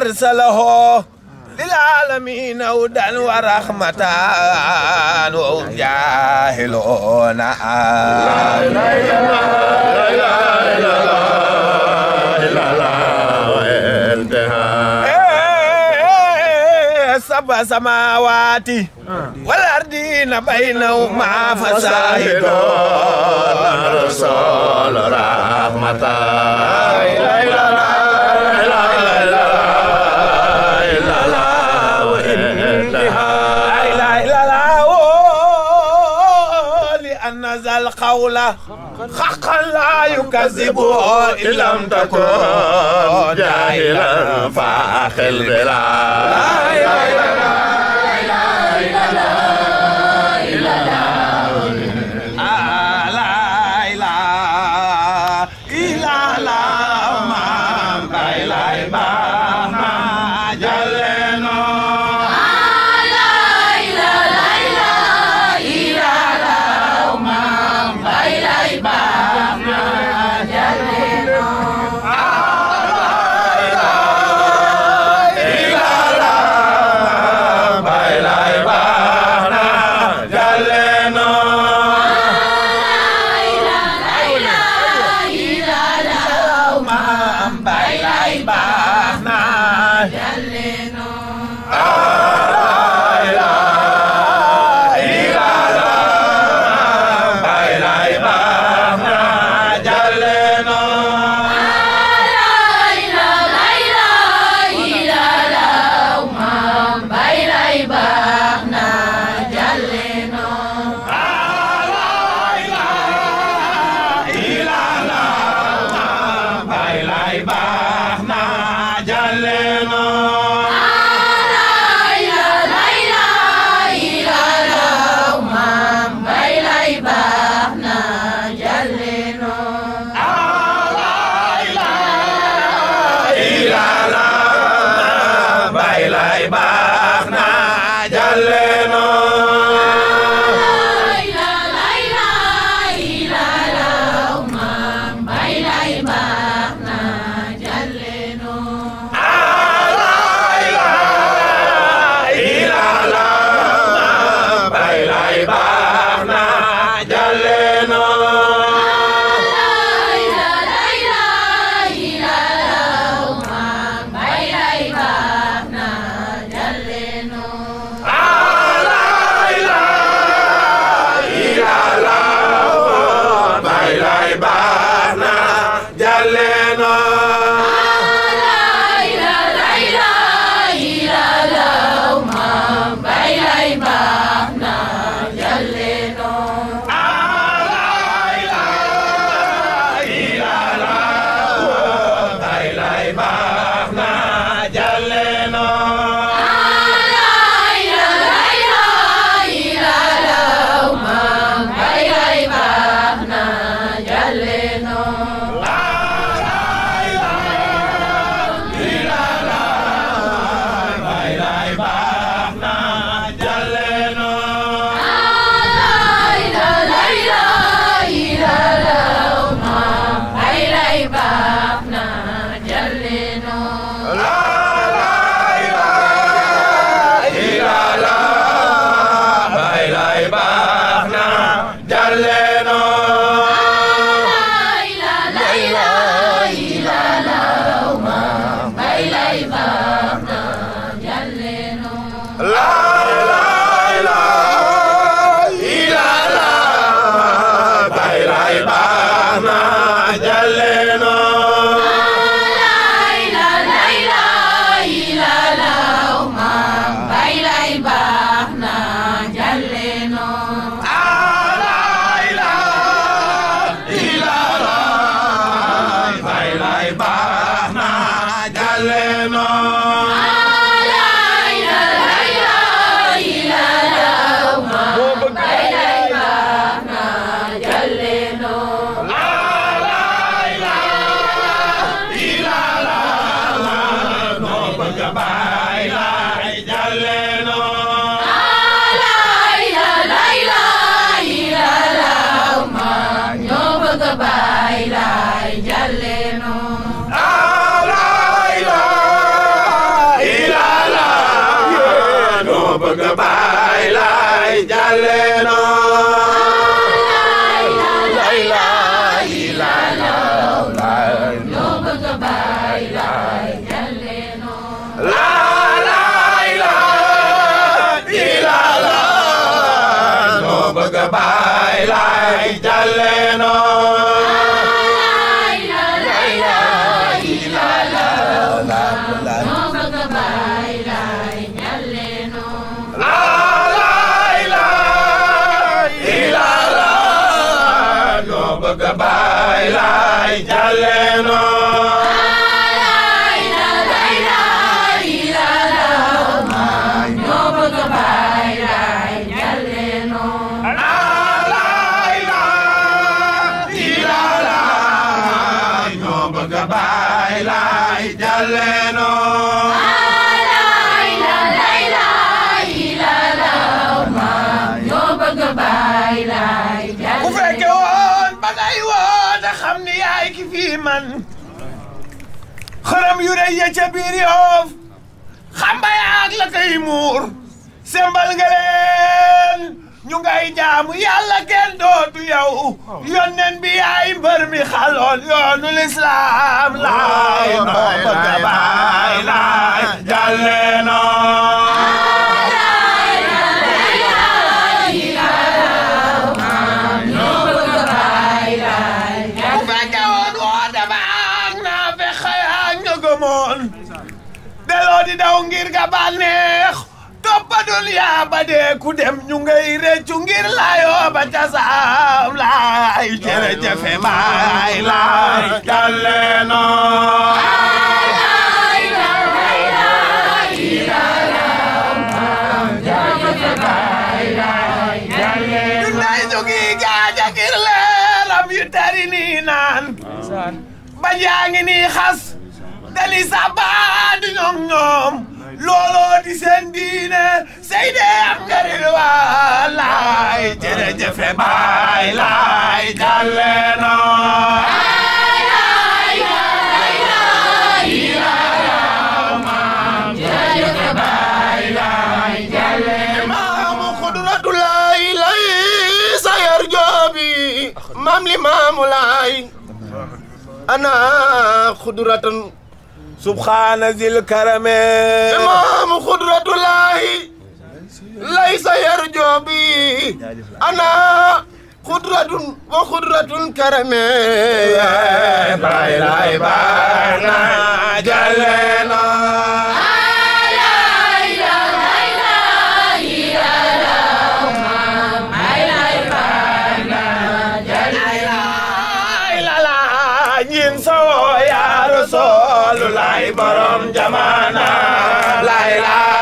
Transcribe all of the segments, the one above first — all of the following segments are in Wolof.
أرسله للعالمين هدى ورحمة وهم جاهلون لا إله إلا الله سبع سماوات والأرضين بينهما فساهد رسول رحمة لا إله إلا القول حقا لا يكذبه إن لم تكن جاهلا فأخل بلا لا الله Dale maam biir yoof xamba yaa nga leen ñu ngay jaamu yàlla kenn dootu yow bi yaay mbër mi xaloon yoonu lislaam laay noo bëgg baay laay jàlle noo duniya ba dee ku dem ñu ngay réccu ngir laayoo ba ca saam laay jërëjëfe maay laay jàlleeno ba jaa ngi nii xas dali sa baat ñoom ñoom looloo di seen diine lay def njëriñ wallaay jërëjëf baay laay jàlle noo maam li maamu laay ana xudratan subhaana zil karame maamu xudratu laay ليس يرجو بي أنا قدرة وقدرة كرمي لا إله إلا أنا جلنا borom jamana la ilaha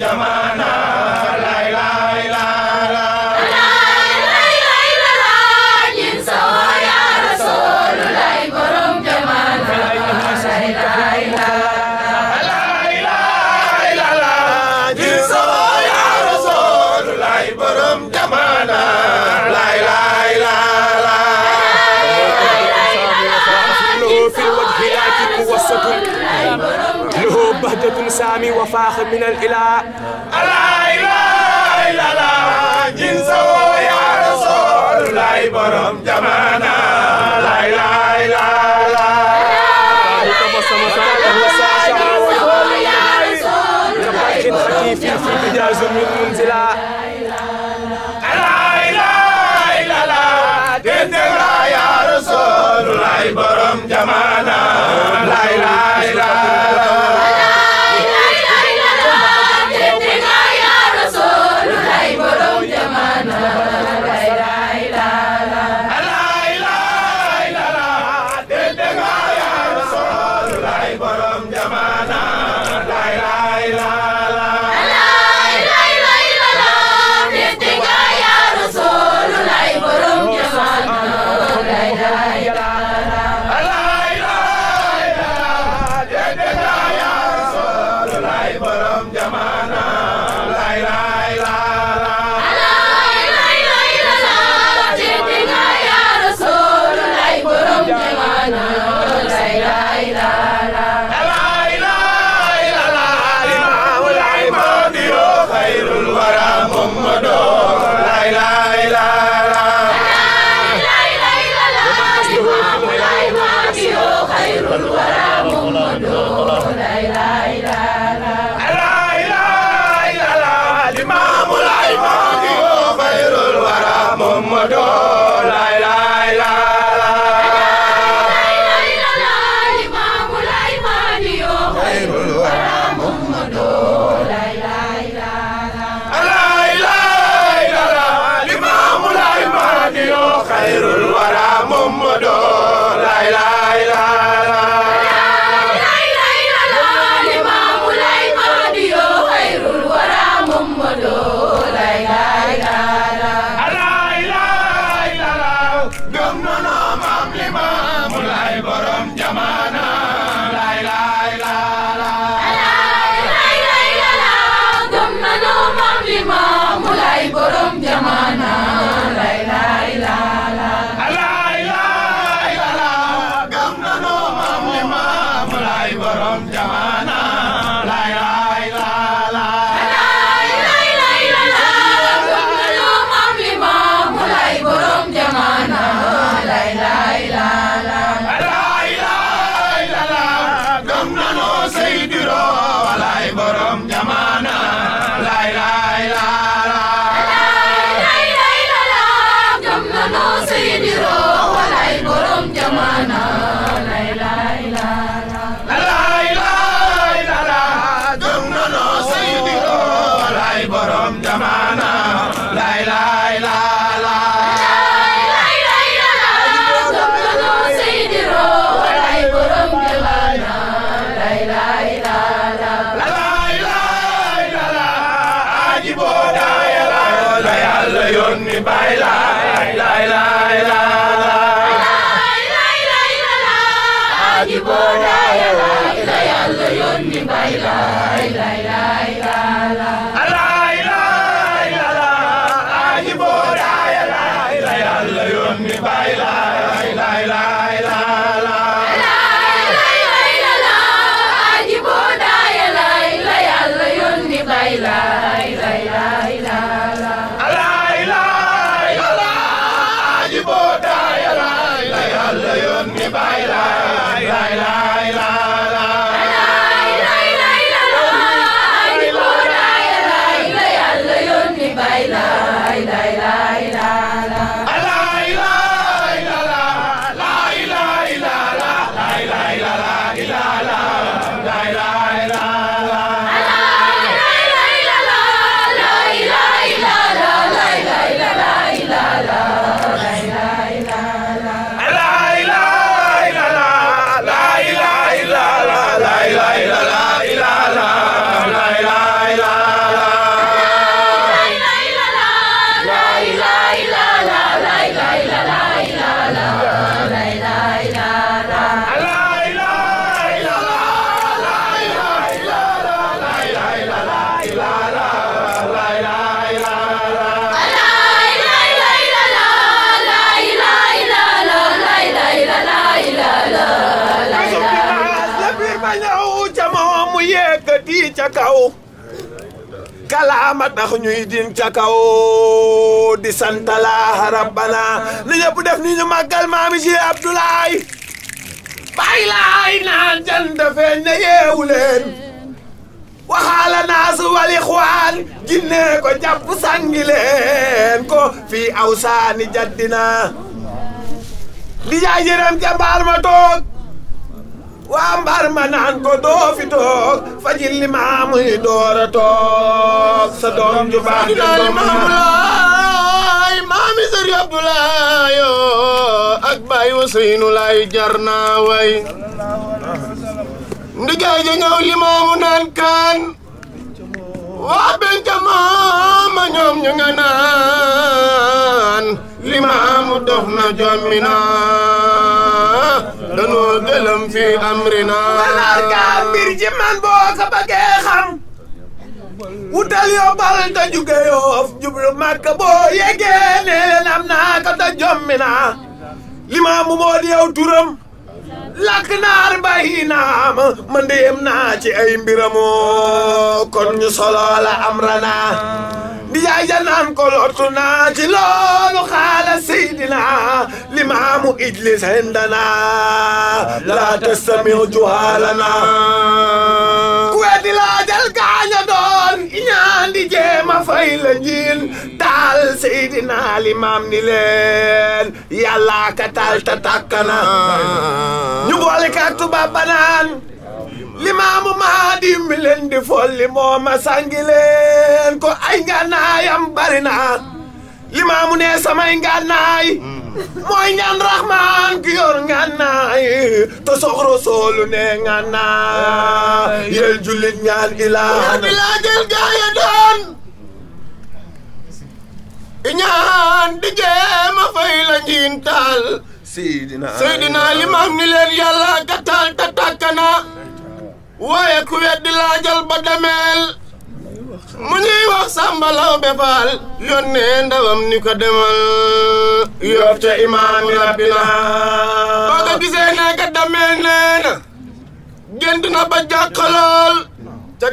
jamaa الإسلام وفاخر من الإله لا إله إلا الله جنسه يا رسول الله برم جمانا gëm na noo maam li maamu laay borom aji boolaay la ila yàlla yónni bay laay laay laay laay cakao amat ak ñuy din kaw di santala rabbana ni ñep def ni ñu magal mami ji abdoulay bayla ay na jand fe ne yewulen waxala nas wal ikhwan ginne ko japp sangi ko fi awsani jaddina di jaay jërëm jambaar ma tok waa mbar ma naan ko doo fi toog maamu yi door sa doom ju baax ju doom laay maami sëriñ oh, ak baay Useynu laay jar naa way ndigaay ja ñëw li maamu naan kaan waa benn jamaama ñoom ñu nga naan lima dox na jommina danoo gëlëm fi amrina ganaar gaa mbir ji man boo ko bëggee xam juge yoof jublu màkk boo yeggee ne leen ko te jommina limaamu moo di yow turam ci ay kon ñu solo la amrana di jaay janaan ko lottu naa ci loolu xaala seydina limaamu ijlis hindana laa tastamiu juhaalana ku weddi laajal gaaña doon ñaan di jéema fay la njiin taal seydina limaam ni leen yàllaa ka taal ta tàkkana ñu boole ka tubaab banaan limam maa dimbi di folli moo ma sàngi ko ay ngànnaayam lima barina limam hmm. ne samay ngànnaay moy ñaan rahman ki yor ay to sox solo ne ngànnaay yel julit ñaan ya ilaana laa jël gaaya don ñaan di jéema fay la ñintal Sidina Sidina seydina limaam ni katal yàlla ka waaye ku weddi laajal ba demeel mu ñuy wax Samba Laobé Fall yónnee ndawam ni ko demal yoof ca imaami rabbina boo ko gisee nee ka demeel nee na gént na ba jàq ca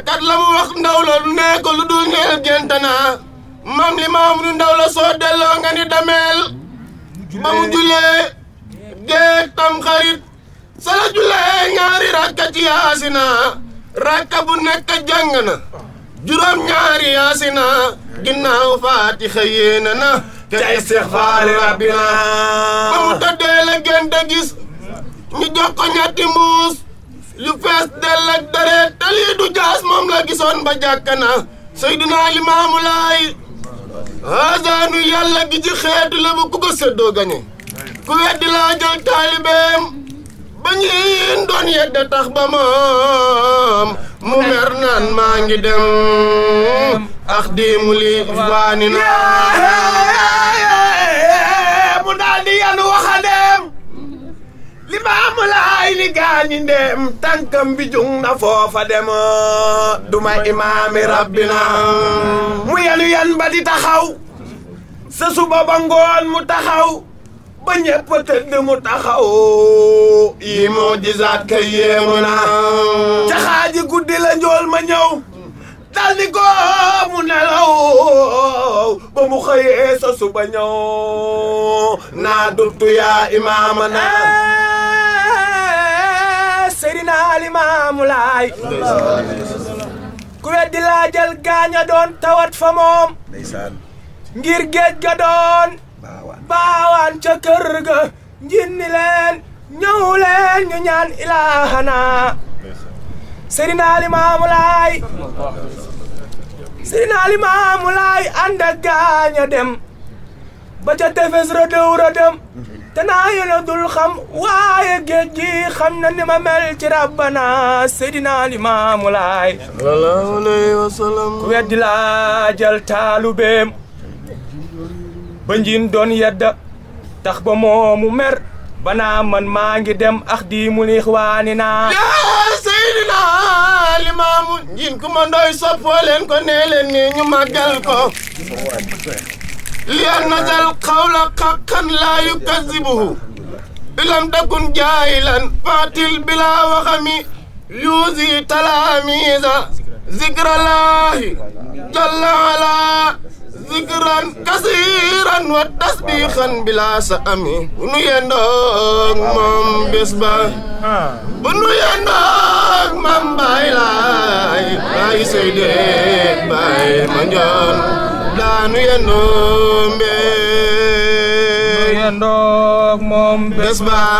kat la mu wax ndaw nee ko lu dul neel gént naa mam li maam du soo delloo nga ni demeel ba mu julee gee tam xarit sa la ñaari rakka yaasina rakka bu nekk juróom ñaari yaasina ginnaaw faatixa yéena na te istixfaari rabbina ba mu tëddee la gën a gis ñu muus yu fees dell ak deret jaas moom la gisoon ba jàkka na Seydina Limaamu Laay haasaanu yàlla gi xeetu la bu ku ko gañe ku weddi laa jël ba ñiin doon yedda tax ba moom mu mer maa ngi dem ax diimu li waani na mu daal di yanu waxandeem li maamu laay li gaañi ndeem tànkam bi jung na foofa dem duma imaami rabbina mu yanu yan ba di taxaw sa suba ba ngoon mu taxaw ba ñëpp tëdd mu taxawoo yi moo gisaat kay yéemu ca xaaji guddi la njool ma ñëw dal di ko mu ba mu xëyee sa suba ñëw naa duttu yaa imaama naa eh, Seydina Limaamu Laay ku weddi laa jël gaaña doon tawat fa moom ngir géej ga doon baawaan ca kër ga njinni leen ñëw leen ñu ñaan ilaahana Seydina Limaamu Laay Seydina Limaamu Laay ànd ak gaaña dem ba ca tefes rëdëw rëdëm te naa yéena dul xam waaye géej xam na ni ma mel ci rabbana Seydina Limaamu Laay sallallahu alayhi weddi laa taalu beem ba njiin doon yedda tax ba moomu mer banaa man maa ngi dem ax di mu ni xwaani naa yaa Seydina Limaamu njiin ku ma ndoy ko nee leen nii ñu màggal ko lian na dal xawla xaqan laa yukazibuhu ilam jaahilan faatil bilaa waxami yuusi talaamiisa zikrallaahi jalla alaa zikran kasiran wa tasbihan bila sa'ami Bunu yendong mam besba Bunu yendong mam baylai Bayi sayde bayi manjon Danu yendong be Bunu yendong besba